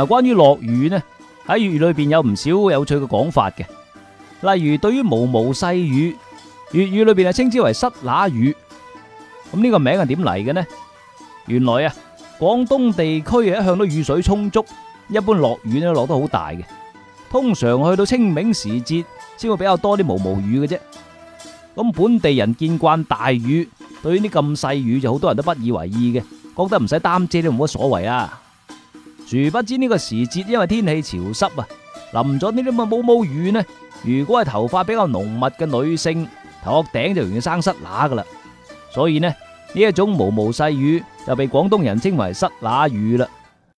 嗱，關於落雨呢，喺粵語裏邊有唔少有趣嘅講法嘅，例如對於毛毛細雨，粵語裏邊係稱之為虱乸雨。咁呢個名係點嚟嘅呢？原來啊，廣東地區一向都雨水充足，一般落雨都落得好大嘅。通常去到清明時節，先會比較多啲毛毛雨嘅啫。咁本地人見慣大雨，對於啲咁細雨就好多人都不以為意嘅，覺得唔使擔遮都冇乜所謂啊。殊不知呢個時節，因為天氣潮濕啊，淋咗呢啲咁嘅毛毛雨呢，如果係頭髮比較濃密嘅女性，頭殼頂就容易生虱乸噶啦，所以呢呢一種毛毛細雨就被廣東人稱為虱乸雨啦。